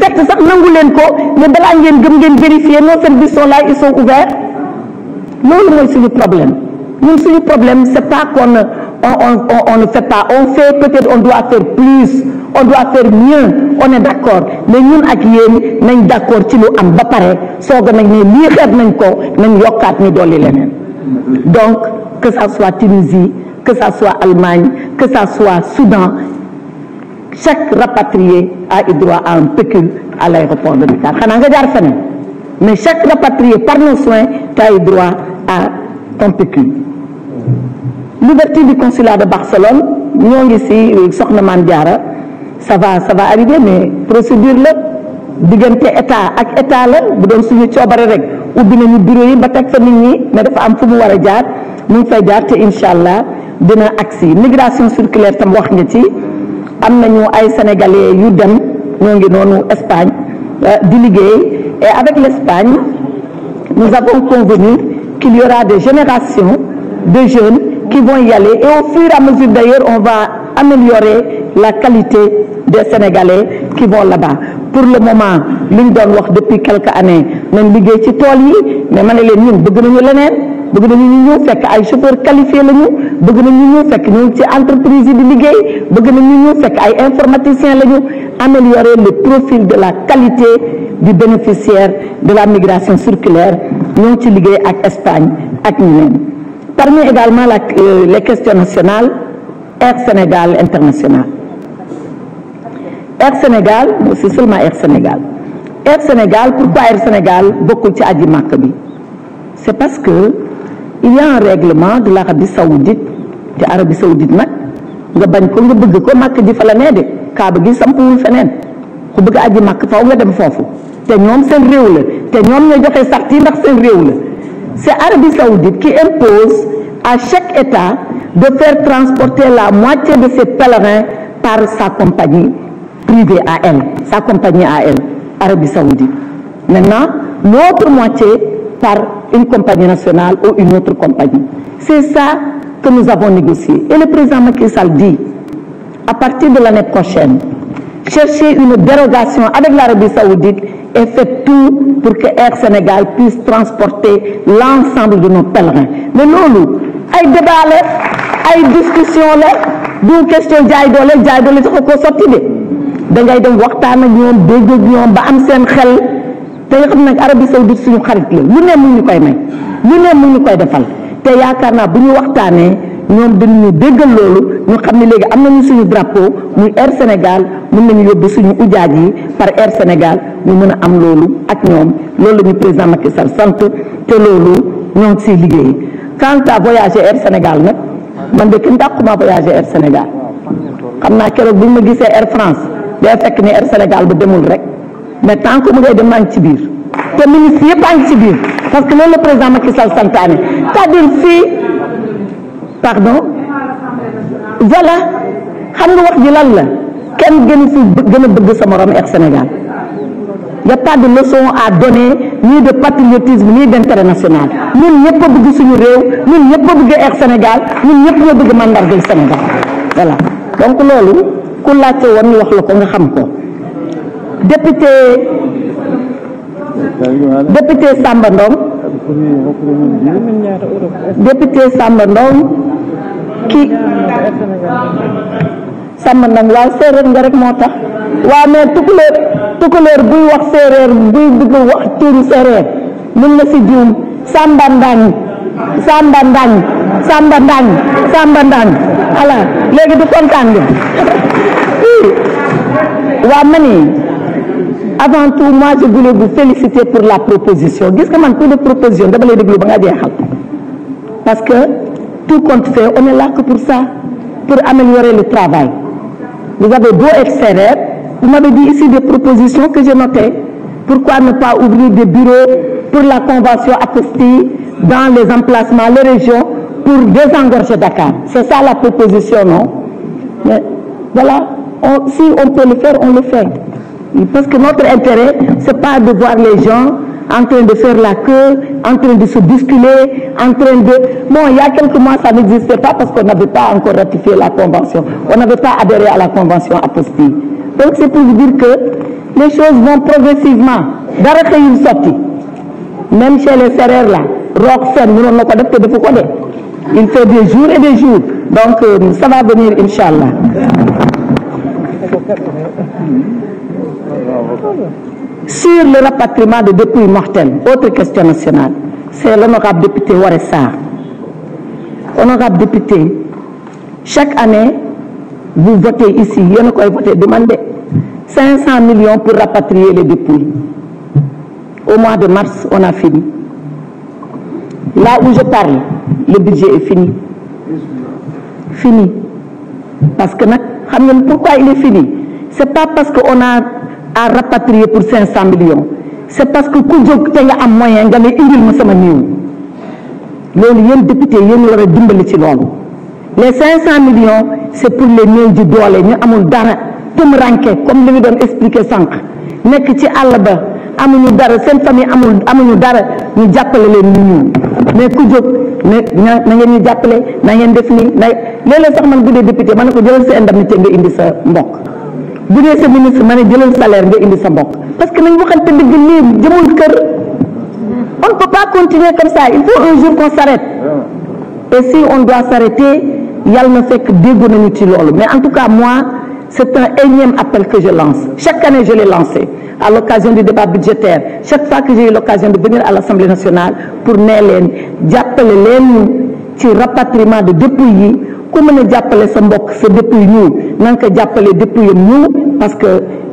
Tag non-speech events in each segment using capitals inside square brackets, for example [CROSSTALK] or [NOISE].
set sett sax nangu leen ko mais balaa ngeen gëm ngeen vérifier non seen bus sont là ils sont ouverts loolu mooy suñu problème ñun suñu problème c' est pas qu'on on on on ne fait pas on fait peut-être on doit faire plus on doit faire mieux on est d' accord mais ñun ak yéen nañ d' accord ci lu am ba pare soog a nañ ne lii xeet nañ ko nañ yokkaat ñu dolli leneen donc que ça soit Tunisie que ça soit Allemagne que ça soit Soudan chaque rapatrié a eu a à un pécule à l'aéroport de Dakar xanaa nga jaar feneen mais chaque rapatrié par nos soins tu as eu droit à ton pécule l'ouverture de Barcelone ñoo ngi ci soxna Maam Jaara ça va ça va mais procédure la diggante état ak état la bu doon suñu coobare rek ubbi nañu bureau yi ba teg fa nit ñi mais dafa am fu mu war a jaar mu ngi jaar te incha allah dina agsi migration circulaire tam wax nga ci am nañu ay sénégalais yu dem ñoo ngi noonu Espagne euh, di liggéey et avec l'Espagne nous avons convenu qu'il y des générations de jeunes qui vont y aller et au fur et à mesure d'ailleurs on va améliorer la qualité des Sénégalais qui vont là-bas pour le moment li ñu doon wax depuis quelques années nañ liggéey ci tool yi mais ma ne leen ñun bëgg nañu leneen bëgg nañu ñu ñëw fekk ay chauffeur qualifié la ñu bëgg nañu ñëw fekk ñu ci entreprise di liggéey bëgg nañu ñëw fekk ay informaticien la améliorer le profil de la qualité du bénéficiaire de la migration circulaire ñoo ci liggéey ak Espagne ak ñeneen parmi également la euh, les questions nationales Air Sénégal international Air Sénégal c'est seulement Air Sénégal Air Sénégal pourquoi Air Sénégal bokkul ci aji bi c'est parce que il y a un règlement de l'Arabie saoudite te Arabie saoudite nag nga bañ ko nga bëgg ko màkk ji fa la nee de kaaba gi sampuwul feneen ku bëgg aji màkk faw nga dem foofu te ñoom seen réew la te ñoom ñoo joxe sart yi ndax seen réew la c'est Arabie saoudite qui impose à chaque État de faire transporter la moitié de ses pèlerins par sa compagnie privée à elle sa compagnie à elle Arabie saoudite maintenant l'autre moitié par une compagnie nationale ou une autre compagnie. C'est ça que nous avons négocié. Et le président Macky dit, à partir de l'année prochaine, cherchez une dérogation avec l'Arabie Saoudite et faites tout pour que Air Sénégal puisse transporter l'ensemble de nos pèlerins. Mais loolu ay débat la ay discussion la du question jaay doole jaay doole sax ko sotti de dangay dem waxtaan ak ñoom dégg ak ñoom ba am seen xel. te xam nañ Arabie Saoudite suñu xarit la lu ne mu ñu koy may lu ne mu ñu koy defal te yaakaar naa bu ñu waxtaanee ñoom dañu déggal loolu ñu xam ne léegi am nañu suñu drapeau muy Air Sénégal mën nañu yóbbu suñu ujaaj yi par Air Sénégal ñu mën a am loolu ak ñoom loolu la ñu président Macky sant te loolu ñoo ngi liggéey quant à voyager Air Sénégal nag man de kenn dàquma voyager Air Sénégal xam naa keroog bu ma gisee Air France day fekk ni Sénégal bu demul rek mais tant que mu ngay dem maa ngi ci biir te ministre yëpp a ngi ci biir parce que loolu la président Macky Sall santaane cest pardon voilà xam nga wax ji lan la kenn gën gënu fi gën a bëgg sa morom ak Sénégal nga a pas de à donner ni de patriotisme ni d'intérêt national ñun ñëpp a bëgg suñu réew ñun ñëpp a bëgg air Sénégal ñun ñëpp ñoo bëgg mandargal Sénégal voilà donc loolu ku laajte woon ñu wax la ko nga xam ko. député député Samba Ndong député Samba Ndong ki Samba Ndong waaw nga rek moo tax waaw mais tukulóor tukulóor buy wax séeréer buy dugg wax tuum séeréer mën na si juum Samba Ndang Samba Ndang léegi du kontaan nga [LAUGHS] waaw mani avant tout moi je voulais vous féliciter pour la proposition gis nga man pour de proposition dama lay parce que tout compte fait on est là que pour ça pour améliorer le travail vous avez beau être vous m'avez dit ici des propositions que j'ai notées pourquoi ne pas ouvrir des bureaux pour la convention apostille dans les emplacements les régions pour désengorger Dakar c'est ça la proposition non mais voilà si on peut le faire on le fait Parce que notre intérêt, ce n'est pas de voir les gens en train de faire la queue, en train de se bousculer, en train de... Bon, il y a quelques mois, ça n'existait pas parce qu'on n'avait pas encore ratifié la convention. On n'avait pas adhéré à la convention apostille. Donc c'est pour vous dire que les choses vont progressivement. D'arrêter une sortie. Même chez de Il fait des jours et des jours. Donc euh, ça va venir, Inch'Allah. sur le rapatriement de dépouilles mortelles, autre question nationale, c'est l'honorable député Waressa. Honorable député, chaque année, vous votez ici, il y en a qui millions pour rapatrier les dépouilles. Au mois de mars, on a fini. Là où je parle, le budget est fini. Fini. Parce que, pourquoi il est fini C'est pas parce qu'on a à rapatrier pour 500 millions c' est parce que ku jóg te nga am moyen nga ne indil ma sama néew loolu yéen député yéen war a dimbali ci loolu les 500 cent million est pour les néew ji doole ñu amul dara tëm comme li ñu doon expliqué sànq nekk ci àll ba amuñu dara seen famille amul amuñu dara ñu jàppale leen ñu ñuul mais ku jóg na na ngeen ñu jàppale na ngeen def nii na léeg-léeg sax man bu dee député ma ne ko jëlal sa indemnité nga indi sa mbokk bu dee ministre ma jëlal salaire nga indi sa mbokk parce que nañ waxante dëgg lii jëmul kër on ne peut pas continuer comme ça il faut un jour qu'on s'arrête et si on doit s'arrêter yàlla na fekk déggu nañu ci loolu mais en tout cas moi c'est un énième appel que je lance chaque année je l'ai lancé à l'occasion du débat budgétaire chaque fois que j'ai eu l'occasion de venir à l'Assemblée nationale pour nee leen jàppale leen rapatriement de dépouilles yi ku a jàppale sa mbokk sa dépouille jàppale dépouille parce que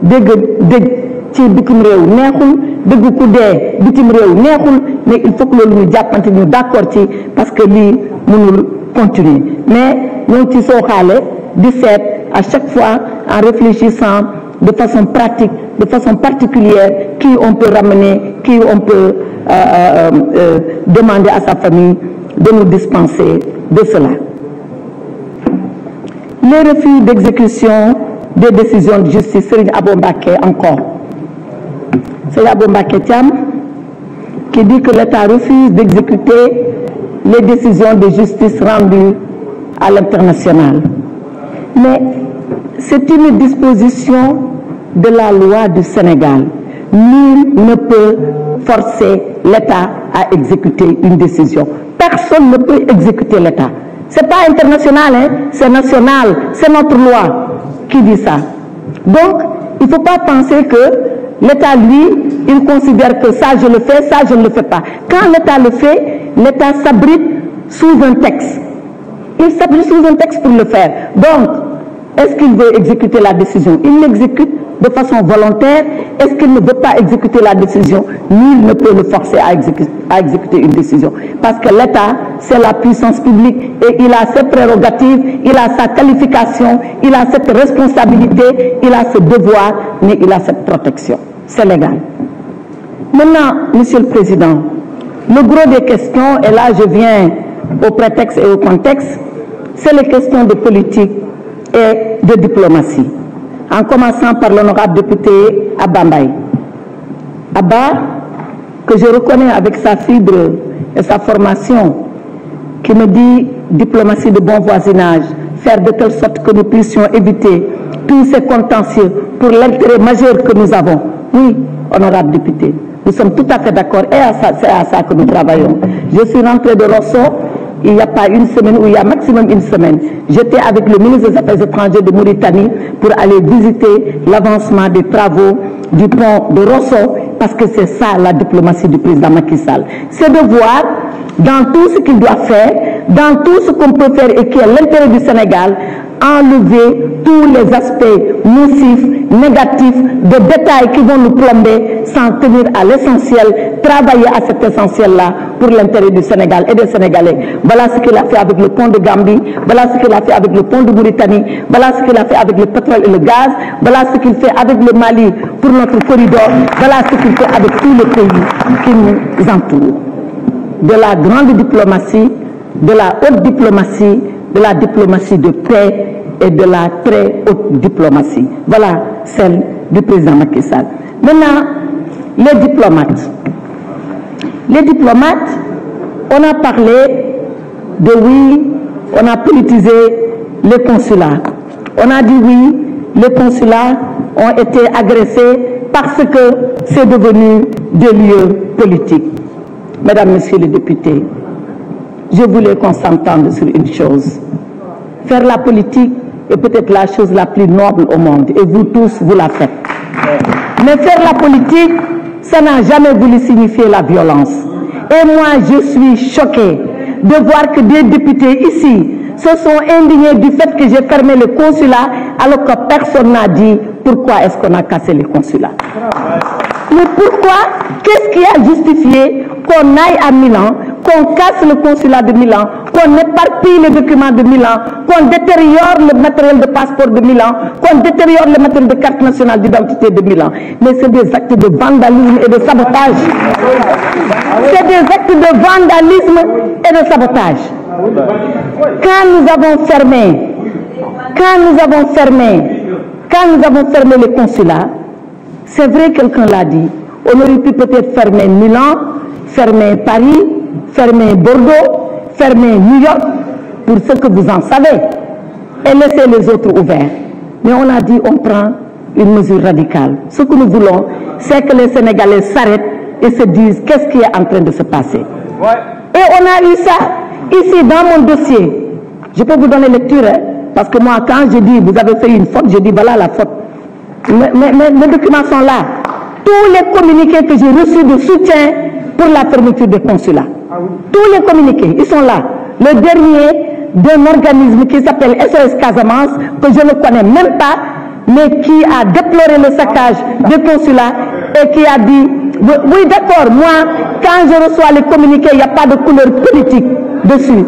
dégg dégg ci bitim réew neexul dëgg ku dee bitim réew neexul mais il faut que loolu ñu jàppante ñu d'accord ci parce que lii mënul continuer mais ñoo ci sooxaale di seet à chaque fois en réfléchissant de façon pratique de façon particulière qui on peut ramener qui on peut euh, euh, euh demander à sa famille de nous dispenser de cela les refus d'exécution des décisions de justice Serigne Abo Mbacké encore Serigne Abo Mbacké Thiam qui dit que l'État refuse d'exécuter les décisions de justice rendues à l'international mais c'est une disposition de la loi du Sénégal nul ne peut forcer l'État à exécuter une décision personne ne peut exécuter l'État C'est pas international, hein? c'est national, c'est notre loi qui dit ça. Donc, il ne faut pas penser que l'État, lui, il considère que ça je le fais, ça je ne le fais pas. Quand l'État le fait, l'État s'abrite sous un texte. Il s'abrite sous un texte pour le faire. Donc, Est-ce qu'il veut exécuter la décision Il l'exécute de façon volontaire. Est-ce qu'il ne veut pas exécuter la décision Nul ne peut le forcer à, exécuter, une décision. Parce que l'État, c'est la puissance publique et il a ses prérogatives, il a sa qualification, il a cette responsabilité, il a ce devoir, mais il a cette protection. C'est et là je viens au prétexte et au contexte, c'est les questions de politique et de diplomatie, en commençant par l'honorable député Abba Mbaye. Abba, que je reconnais avec sa fibre et sa formation, qui me dit diplomatie de bon voisinage, faire de telle sorte que nous puissions éviter tous ces contentieux pour l'intérêt majeur que nous avons. Oui, honorable député, nous sommes tout à fait d'accord et c'est à ça que nous travaillons. Je suis rentrée de Rosso il n'y a pas une semaine ou il y a maximum une semaine, j'étais avec le ministre des Affaires étrangères de Mauritanie pour aller visiter l'avancement des travaux du pont de Rosso parce que c'est ça la diplomatie du président Macky Sall. C'est de voir dans tout ce qu'il doit faire dans tout ce qu'on peut faire et qui est l'intérêt du Sénégal, enlever tous les aspects nocifs, négatifs, de détails qui vont nous plomber, sans tenir à l'essentiel, travailler à cet essentiel pour l'intérêt du Sénégal et des Sénégalais. Voilà ce qu'il a fait avec le pont de Gambie, voilà ce qu'il a fait avec le pont a fait avec le pétrole et le gaz, voilà ce qu'il fait avec le Mali pour notre corridor, voilà ce qu'il fait avec tous les pays qui nous entourent. De la grande de la haute diplomatie, de la diplomatie de paix et de la très haute diplomatie. Voilà celle du président Macky Sall. Maintenant, les diplomates. Les diplomates, on a parlé de oui, on a politisé les consulats. On a dit oui, les consulats ont été agressés parce que c'est devenu des lieux politiques. Mesdames, Messieurs les députés, Je voulais qu'on s'entende sur une chose. Faire la politique est peut-être la chose la plus noble au monde et vous tous, vous la faites. Mais faire la politique, ça n'a jamais voulu signifier la violence. Et moi, je suis choquée de voir que des députés ici se sont indignés du fait que j'ai fermé le consulat alors que personne n'a dit pourquoi est-ce qu'on a cassé le consulat. Mais pourquoi Qu'est-ce qui a justifié qu'on aille à Milan, qu'on casse le consulat de Milan, qu'on éparpille les documents de Milan, qu'on détériore le matériel de passeport de Milan, qu'on détériore le matériel de carte nationale d'identité de Milan. Mais c'est des actes de vandalisme et de sabotage. Quand nous avons fermé, quand nous avons fermé, quand nous c'est vrai, quelqu'un l'a dit, On aurait pu peut-être fermer Milan, fermer Paris, fermer Bordeaux, fermer New York, pour ce que vous en savez, et laisser les autres ouverts. Mais on a dit, on prend une mesure radicale. Ce que nous voulons, c'est que les Sénégalais s'arrêtent et se disent qu'est-ce qui est en train de se passer. Et on a eu ça ici dans mon dossier. Je peux vous donner lecture, parce que moi, quand je dis vous avez fait une faute, je dis voilà la faute. mes, documents sont tous les communiqués que j'ai reçus de soutien pour la fermeture des consulats. Ah oui. Tous les communiqués, ils sont là. Le dernier d'un organisme qui s'appelle SOS Casamance, que je ne connais même pas, mais qui a déploré le saccage ah, des consulats et qui a dit, oui d'accord, moi, quand je reçois les communiqués, il n'y a pas de couleur politique dessus.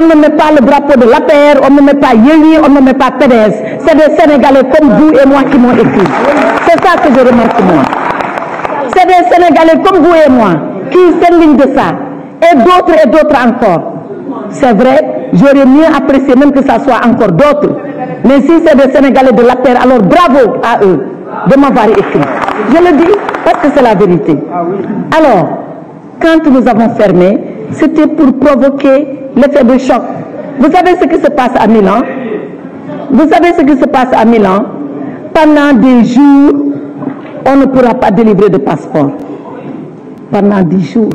On ne met pas le drapeau de l'APR, on ne met pas Yéli, on ne met pas PDS. C'est des Sénégalais comme a des Sénégalais comme vous et moi qui s'indignent de ça et d'autres et d'autres encore. C'est vrai, j'aurais mieux apprécié même que ça soit encore d'autres. Mais si c'est des Sénégalais de la paix, alors bravo à eux de m'avoir écrit. Je le dis parce que c'est la vérité. Alors, quand nous avons fermé, c'était pour provoquer l'effet de choc. Vous savez ce qui se passe à Milan? Vous savez ce qui se passe à Milan? Pendant des jours on ne pourra pas délivrer de passeport pendant dix jours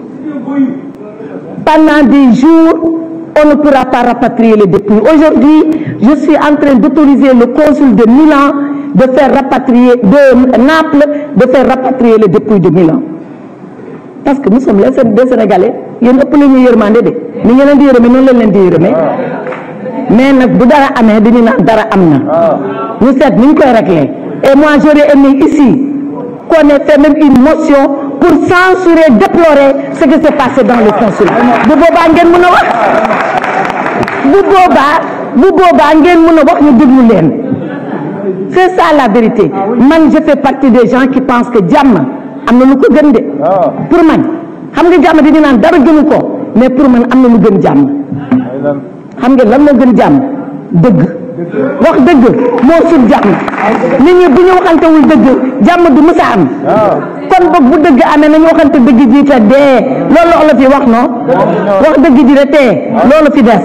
pendant dix jours on ne pourra pas rapatrier les détenus aujourd'hui je suis en train le consul de Milan de faire rapatrier de Naples de faire rapatrier les détenus de Milan parce que nous sommes les des Sénégalais yéen ëpp la ñuy yërmande de ni ngeen leen di yërëme noonu lañ leen mais bu dara amee dañu naan dara am na ah. ñu seet ni ñu koy réglé et moi j'aurais aimé ici qu'on ait fait même une motion pour censurer déplorer ce qui s'est passé dans le consulat bu boobaa ngeen mën a wax bu boobaa bu boobaa ngeen mën a wax ñu déglu leen c'est ça la vérité man je fais partie des gens qui pensent que jàmm am na lu ko gën de pour man xam nga jàmm dañu naan dara gënu ko mais pour man am na lu gën jàmm xam nga lan moo gën jàmm dëgg wax dëgg moo sut jàmm nit ñi bu ñu waxantewul dëgg jàmm du mës a am kon boog bu dëgg amee nañu waxante dëgg ji te dee loolu la fi wax no wax dëgg ji te loolu fi des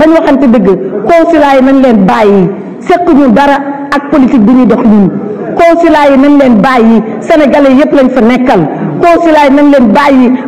nañ waxante dëgg consulat yi nañ leen bàyyi sekk ñu dara ak politique bi ñuy dox ñun consulat yi nañ leen bàyyi sénégalais yëpp lañ fa nekkal consulat yi nañ leen bàyyi